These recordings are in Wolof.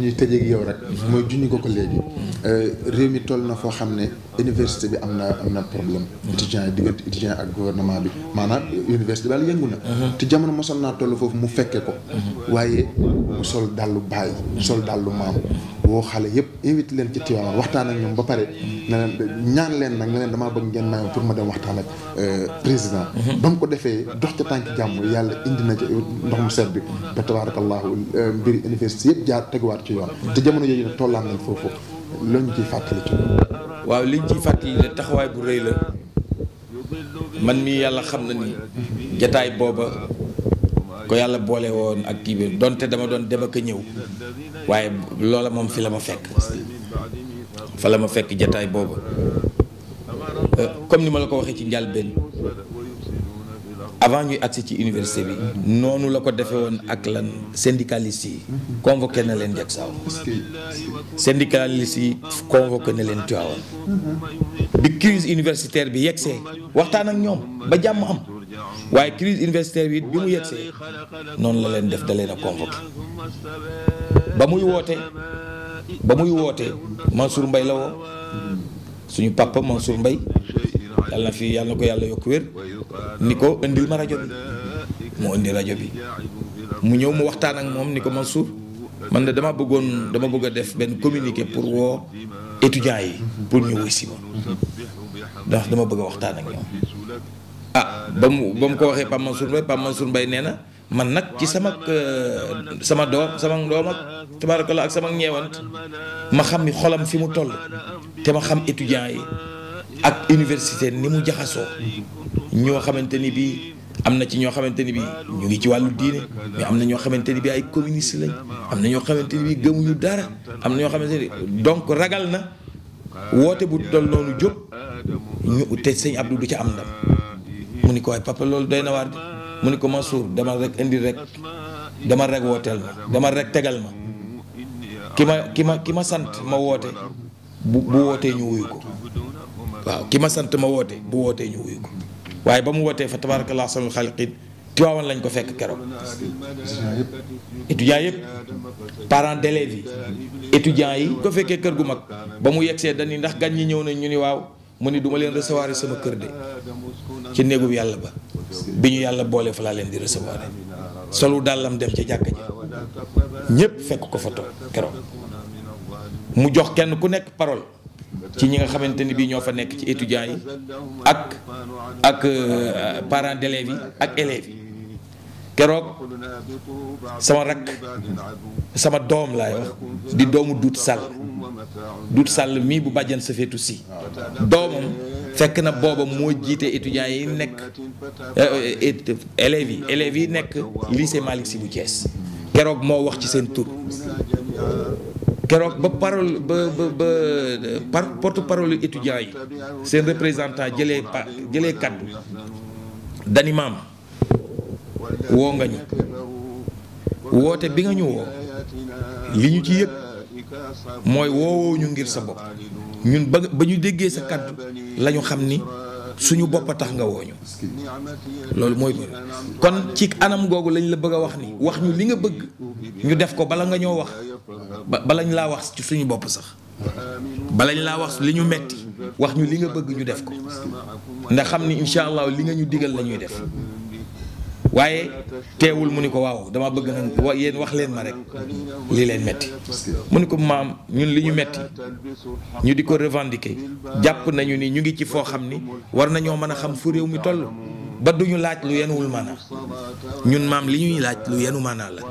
ñuy tëjeeg yow rek mooy junni ko ko léegi euh, réew mi toll na foo xam ne université bi am na am na problème étudiant yi diggante étudiant ak gouvernement bi maanaat université bi daal yëngu na te jamono mosoon naa tollu foofu mu fekke ko mhm. waaye mu sol dallu bàyyi sol dallu maam woo xale yëpp invité leen ci Tivaouane waxtaan ak ñoom ba pare ñaan leen nag ne leen damaa bëgg ngeen naan pour ma dem waxtaan euh, président. Mhm. ba ko defee dox ca tànk jàmm yàlla indi na ci ndox mu sedd bi. ba tabaarakallaahu euh, mbiri université yëpp jaar teguwaat ci yoon. te jamono yooyu nag tollaan nañ foofu loolu ñu ciy fàttali ci waaw liñ ciy fàttali ne taxawaay bu rëy la man mii yàlla xam na ni mhm. jataay booba. ko yàlla boole woon ak kii bi donte dama doon dem ak a ñëw waaye loola moom fi la ma fekk fa la ma fekk jataay boobu euh, comme ni ma la ko waxee ci njàlbeen avant ñuy agsi ci université bi noonu la ko defee woon ak lan syndicaliste yi convoqué na leen jag saaw syndicaliste yi convoqué na leen Tivaouane bi crise universitaire bi yegsee waxtaan ak ñoom ba jàmm am waaye crise universitaire bi bi mu yegsee noonu la leen def da na a convoqué ba muy woote ba muy woote Mansour mbay la woo suñu papa Mansour mbay yàlla na fi yàlla na ko yàlla yokk wér ni ko indil ma rajo bi mu indi rajo bi mu ñëw mu waxtaan ak moom ni ko Mansour man de dama bëggoon dama bëgg a def benn communiqué pour woo étudiants yi pour ñu wuy ma ndax dama bëgg waxtaan ak ñoom ba mu ba mu ko waxee Pape Mansour Mbaye Pape Mansour Mbaye nee na man nag ci sama euh, sama doom sama doom ak tabaarakalla ak sama ñeewant ma xam ni xolam fi mu toll te ma xam étudiant yi ak université ni mu jaxasoo ñoo xamante ni bii am na ci ñoo xamante ni bii ñu ngi ci wàllu diine am na ñoo xamante ni bii ay communiste lañ am na ñoo xamante ni bii gëmuñu dara am na ñoo xamante ni donc ragal na woote bu toll noonu jóg ñu te sëñ Abdou du ca am ndam. mu ni ko waay papa loolu doy na waar de mu ni ko Mansour demal rek indi rek demal rek wooteel ma demal rek tegal ma ki ma ki ma ki ma sant ma woote bu wootee ñu wuyu ko ki ma sant ma woote bu wootee ñu waaye ba mu wootee fa tabarakallah sama xaliqin Tiwaawan lañ ko fekk keroog étudiants yëpp parents d'élèves yi étudiants yi ko fekkee kër gu mag ba mu yegsee dañuy ndax gan ñi ñëw nañ ñu ni waaw mu ni duma leen recevoir sama kër de ci néegub yàlla ba bi ñu yàlla boole fa laa leen di recevoir solu dàllam def ca jàkka ja ñépp fekk ko fa toog keroog mu jox kenn ku nekk parole ci ñi nga xamante ni bii ñoo fa nekk ci étudiants yi ak ak euh, parents d'élèves yi ak élèves yi keroog sama rakk sama doom laay wax di doomu duut sàll dut sàll mii bu bàjjan sa feetu si doomam fekk na booba moo jiite étudiants yi nekk euh, élèves yi élèves yi nekk lycée Malick bu cees keroog moo wax ci seen tur keroog ba parole ba ba ba par porte parole étudiants yi seen représentant jëlee pa jëlee kaddu dani maam woo nga ñu woote bi nga ñu woo li ñu ci yëg mooy woowoo ñu ngir sa bopp ñun ba ba ñu déggee sa kàddu la ñu xam ni suñu bopp a tax nga wooñu loolu mooy kon ci anam googu lañ la bëgg a wax ni wax ñu li nga bëgg ñu def ko bala nga ñoo wax ba balañ laa wax ci suñu bopp sax balañ laa wax li ñu metti wax ñu li nga bëgg ñu def ko ndax xam ni incha allah li nga ñu digal la ñuy def waaye teewul mu ni ko waaw dama bëgg nag yéen wax leen ma rek lii leen metti mu ni ko maam ñun li ñu metti ñu di ko revendiquer jàpp nañu ni ñu ngi ci foo xam ni war nañoo mën a xam fu réew mi toll ba du ñu laaj lu yenuwul maanaa ñun maam li ñuy laaj lu yenu maanaa la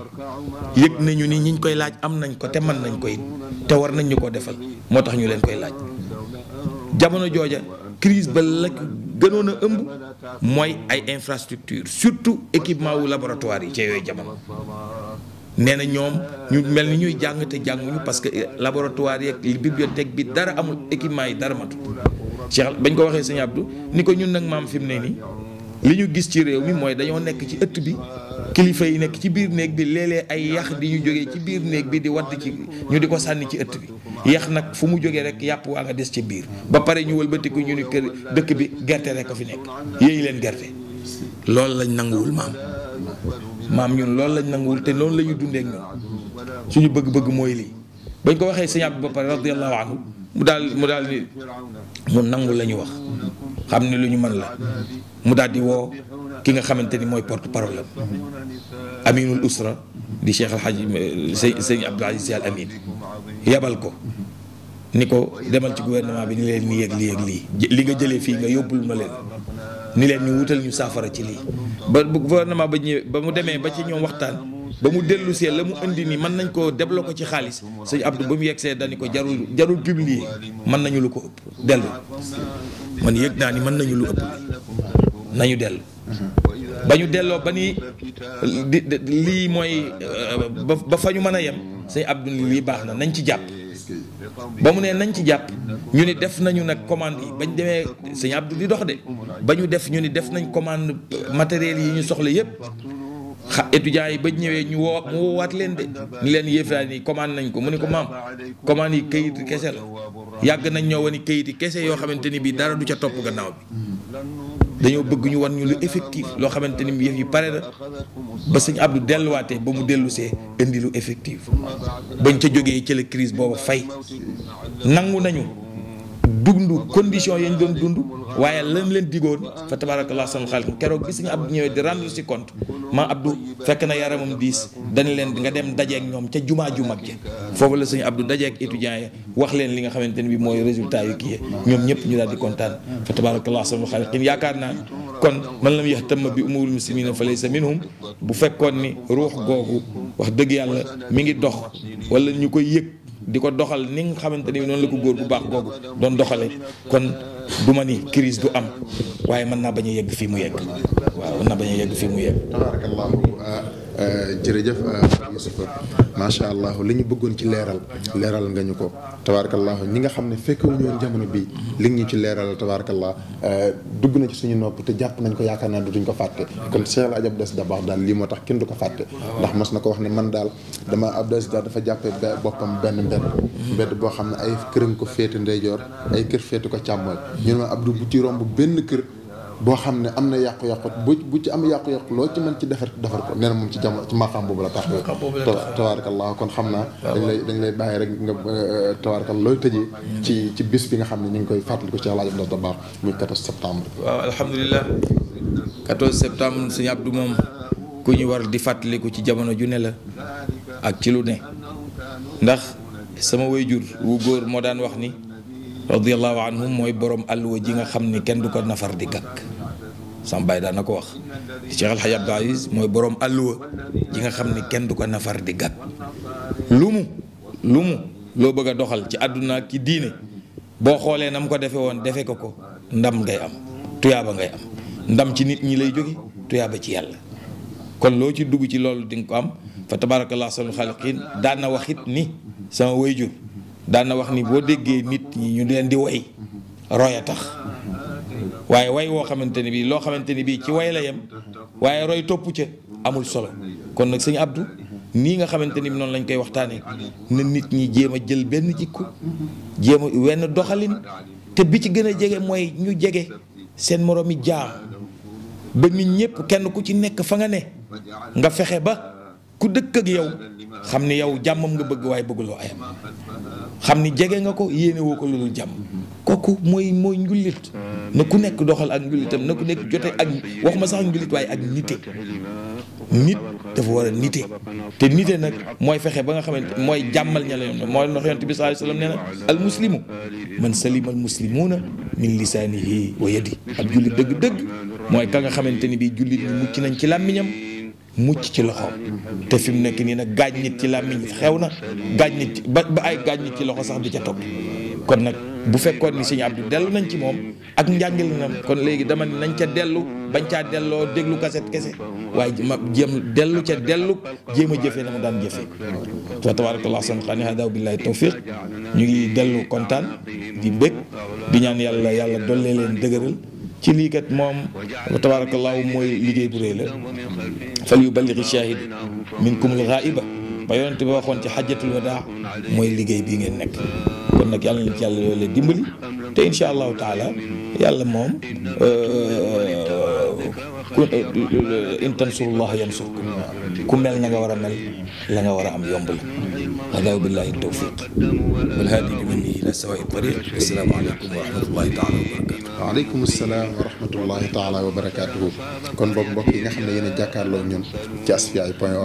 yëg nañu ni ñiñ koy laaj am nañ ko te mën nañ koy te war nañ ñu ko defal moo tax ñu leen koy laaj jamono jooja crise ba lëkk gënoon a ëmb mooy ay infrastructure surtout équipement wu laboratoire yi ci yooyu jamono nee na ñoom ñu mel ni ñuy jàng te jànguñu parce que laboratoire yeeg bibliothèque bi dara amul équipement yi dara matut Cheikh bañ ko waxee sëñ Abdou ni ko ñun nag maam fi mu ne nii li ñu gis ci réew mi mooy dañoo nekk ci ëtt bi kilifa yi nekk ci biir néeg bi léeg ay yax di ñu jóge ci biir néeg bi di wadd ci ñu di ko sànni ci ëtt bi yax nag fu mu jógee rek yàpp waa nga des ci biir ba pare ñu walbatiku ñu ni kër dëkk bi gerte rekk a fi nekk yéeyi leen gerte loolu lañ nanguwul maam maam ñun loolu lañ nanguwul te loolu la ñu dundee ak ñun suñu bëgg-bëgg mooy lii bañ ko waxee sëñ Abdou ba pare radiyallahu anhu mu daal mu daal ni nangu la ñu wax xam ne lu ñu man la mu daal di woo ki nga xamante ni mooy porte parole aminul usra di cheikh alxaaji sëñ Abdul Aziz Sy Al Amin yabal ko ni ko demal ci gouvernement bi ni leen ni yëg lii yëg li nga jëlee fii nga yóbbul ma leen ni leen ñu wutal ñu saafara ci lii ba gouvernement ba ñëwee ba mu demee ba ci ñoom waxtaan ba mu dellu la mu indi ni mën nañ koo debloo ko ci xaalis sëñ Abdou ba mu see dañu ko jarul jarul publier mën nañu lu ko ëpp dellu man yëg naa ni mën nañu lu ëpp nañu dellu ba ñu delloo ba ni lii mooy ba fa ñu mën a yem sëñ Abdou lii baax na nañ ci jàpp ba mu ne nañ ci jàpp ñu ni def nañu nag commande yi bañ demee sëñ Abdou di dox de ba ñu def ñu ni def nañ commande matériel yi ñu soxla yépp xa étudiants yi ba ñëwee ñu woo mu woowaat leen de ni leen yëfaa nii commande nañ ko mu ne ko maam commande yi kayit kese la yàgg nañ ñoo wani kayit yi kese yoo xamante ni bii dara du ca topp gannaaw bi dañoo bëgg ñu wan ñu lu effectif loo xamante ni yëf yi pare na ba sëñ Abdou delluwaatee ba mu dellusee indi lu effectif bañ ca jógee ci la crise boobu fay nangu nañu. dund condition yi ñu doon dund waaye lam leen digoon fa tabarakallah sama xaaliqum keroog bi suñu Abdou ñëwee di rendre si compte ma Abdou fekk na yaramam diis dañ leen nga dem dajeek ñoom ca jumaa ju mag ja foofu la suñu Abdou dajeek étudiants yi wax leen li nga xamante ne bi mooy résultat yu kii ñoom ñëpp ñu daal di kontaan fa tabarakallah sama xaaliqum yaakaar naa kon man lam yahtam bi umuril muslimina fa laysa minhum bu fekkoon ni ruux googu wax dëgg yàlla mi ngi dox wala ñu koy yëg di ko doxal ni nga xamante ni noonu la ko góor bu baax googu doon doxale kon du ma ni crise du am waaye mën naa bañ a yegg fii mu yegg waaw mën naa bañ a yegg mu yegg. Euh, jërëjëf Youssoupha euh, macha allah li ñu bëggoon ci leeral leeral nga ñu ko tabaarakallah ñi nga xam ne fekkewuñu woon jamono bii li ñu ci leeral tabaarakallah euh, dugg na ci suñu nopp te jàpp nañ ko yaakaar naa dutuñ ko fàtte kon Cheikh Abdou Aziz Dabakh baax daal lii moo tax kenn du ko fàtte ndax mos na ko wax ne man daal dama Abdou Aziz daal dafa jàppee boppam benn mbedd mbedd boo xam ne ay këram ko féete ndeyjoor ay kër féete ko càmmooñ ñu ne ma Abdou bu benn kër boo xam ne am na yàqu-yàqu bu bu ci am yàqu-yàqu loo ci mën ci defar defar ko nee na moom ci jam ci maqaam boobu la tax tabaarakallah kon xam naa dañ lay dañ lay bàyyi rek nga euh, tabaarakallah looy tëjee ci ci bis bi nga xam ne ñu ngi koy fàttali ko ci àlaaji Abdou Dabakh muy 14 septembre waaw alhamdulilah 14 septembre sëñ Abdou moom ku ñu war di fàttaliku ci jamono ju ne la ak ci lu ne ndax sama waajur wu góor moo daan wax ni radiallahu anhum mooy borom alluwa ji nga xam ni kenn du ko nafar di gàkk sama baay daan na ko wax Cheikh Alhaji mooy borom alluwa ji nga xam ni kenn du ko nafar di gàkk lu mu lu mu loo bëgg a doxal ci àdduna ak ci diine boo xoolee na mu ko defe woon defe ko ko ndam ngay am tuyaaba ngay am ndam ci nit ñi lay jóge tuyaaba ci yàlla kon loo ci dugg ci loolu di ko am fa tabarakallah sunu xaaliqiin daan na wax it ni sama wayjur daan wax ni boo déggee nit ñi ñu leen di way roy a tax waaye way woo xamante ni bii loo xamante ni bii ci way la yem waaye roy topp ca amul solo kon nag sëñ Abdou nii nga xamante ni noonu lañ koy waxtaanee na nit ñi jéem a jël benn jikko jéem a wenn doxalin te bi ci gën a jege mooy ñu jege seen moromi jaam ba nit ñépp kenn ku ci nekk fa nga ne nga fexe ba ku dëkk ak yow xam ni yow jàmmam nga bëgg waaye bëgguloo ayam xam ni jege nga ko yéenewoo ko loolu jàmm kooku mooy mooy njullit na ku nekk doxal ak njullitam na ku nekk jote ak wax ma sax njullit waaye ak nite nit dafa war a nite te nite nag mooy fexe ba nga xamante mooy jàmmal ña la yoon mooy ndox yonent bi sa alayhi wasallam nee na al muslimu man salima al muslimuna min lisaanihi wa yadi ab jullit dëgg-dëgg mooy ka nga xamante ni bii julit ñi mucc nañ ci làmmiñam mucc ci loxo te fi mu nekk nii nag gaañ nit ci làmmiñ xew na gaañ nit ci ba ba ay gaañ nit ci loxo sax di ca topp kon nag bu fekkoon ni sëñ Abdou dellu nañ ci moom ak njàngil na kon léegi dama ne nañ ca dellu bañ caa delloo déglu kaset kese waaye ma jéem dellu ca dellu jéem a jëfee na mu daan jëfee wa tabarakallah san xani hada billahi tawfiq ñu ngi dellu kontaan di bég di ñaan yàlla yàlla dollee leen dëgëral ci lii kat moom tabaarakallaahu mooy liggéey bu réy la fal yu balligi shahid minkumul ghaiba ba yonent ba waxoon ci xajjatul wadaa mooy liggéey bii ngeen nekk kon nag yàlla na ci yàlla yooyu la dimbali te incha allahu taala yàlla moom euh, euh, in tansurullaha yansurkum ku mel na nga war a mel la nga war a am yomb la walaahu billahi tawfiq walhaadi bi man ila sawaai tariq asalaamaaleykum wa rahmatullahi taala wa barakatuh waaleykum salaam wa rahmatullahi kon boobu mbokk yi nga ne yéen a jàkkaarloo ñun ci asfiyahi point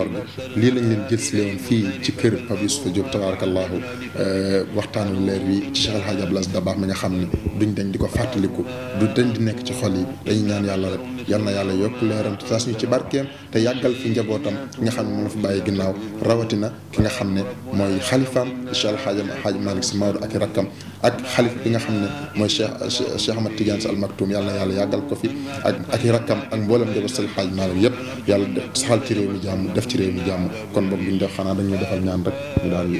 lii lañ leen jël si fii ci kër Pape Youssoufa Diop tabarakallahu euh, waxtaanu leer wi ci Cheikh El Hadj Abdoulaye Sy Dabakh mi xam ne duñ dañ ko fàttaliku du di nekk ci xol yi dañu ñaan yàlla rek yal yàlla yokk leeram ci barkeem te yàggal fi njabootam ki nga xam ne ginnaaw rawatina ki nga xam ne mooy xalifaam incha allah xaaj xaaj Malick si Maodo ak i rakkam ak xalif bi nga xam ne mooy Cheikh Cheikh Ahmad Tidiane yàlla yàlla yàggal ko fi ak ak i rakkam ak mboolem njaboot sal xaaj Malick yëpp yàlla def saxal ci réew mi jàmm def ci réew mi jàmm kon boobu duñ def xanaa dañuy defal ñaan rek ñu daal di.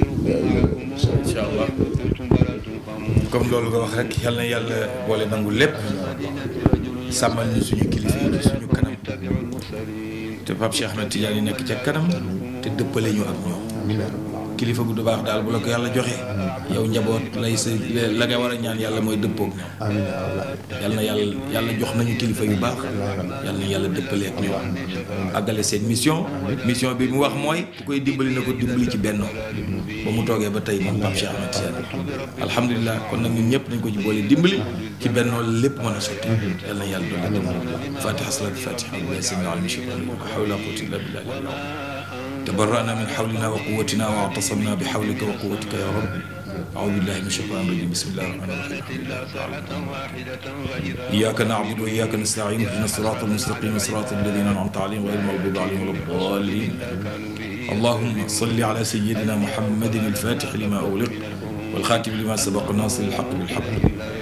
comme loolu nga wax rek yàlla na yàlla boole nangu lépp sàmmal ñu suñu kilifa yi suñu kanam. te Pape Cheikh Ahmed Tidiane nekk ca kanam te dëppale ñu ak ñoom. kilifa gu du baax daal bu la ko yàlla joxe. yow njaboot lay sa la nga war a ñaan yàlla mooy dëppoog ñoom. amiin yal na yàlla yàlla jox nañu kilifa yu baax. yal na yàlla dëppaleeg ñoom. àggale seen mission. mission bi mu wax mooy ku koy dimbali na ko dimbali ci benn. ba mu toogee ba tey moom Pape Cheikh Ahmed Sène. alhamdulilah kon nag ñun ñëpp nañ ko ci boole dimbali. ci benn lépp mën a sotti. yal na yàlla doon na dem. Fatiha salaatu Fatiha. tabarra'naa min hawlinaa wa quwwatinaa wa i'tasamnaa bi hawlika wa quwwatika yaa rabb a'uudu billaahi mina shaytaani rajiim bismillaahi rahmaani rahiim alhamdulillaahi iyyaaka na'budu wa iyyaaka nasta'iin ihdinas siraatal mustaqiim siraatal laziina an'amta alayhim ghayril maghduubi alayhim wala ddaalliin allahumma salli alaa sayyidinaa muhammadin al-faatixi limaa ughliqa والخاتم لما سبق ناصر الحق بالحق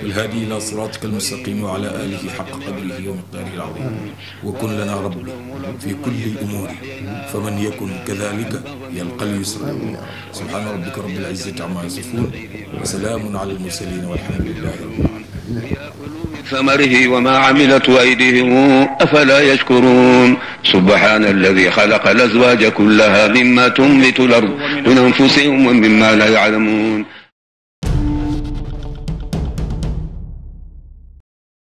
والهادي إلى صراطك المستقيم وعلى آله حق قدره ومقداره العظيم وكن لنا ربي في كل الأمور فمن يكن كذلك يلقى اليسر سبحان ربك رب العزة عما يصفون وسلام على المرسلين والحمد لله رب العالمين ثمره وما عملت أيديهم أفلا يشكرون سبحان الذي خلق الأزواج كلها مما تنبت الأرض من أنفسهم ومما لا يعلمون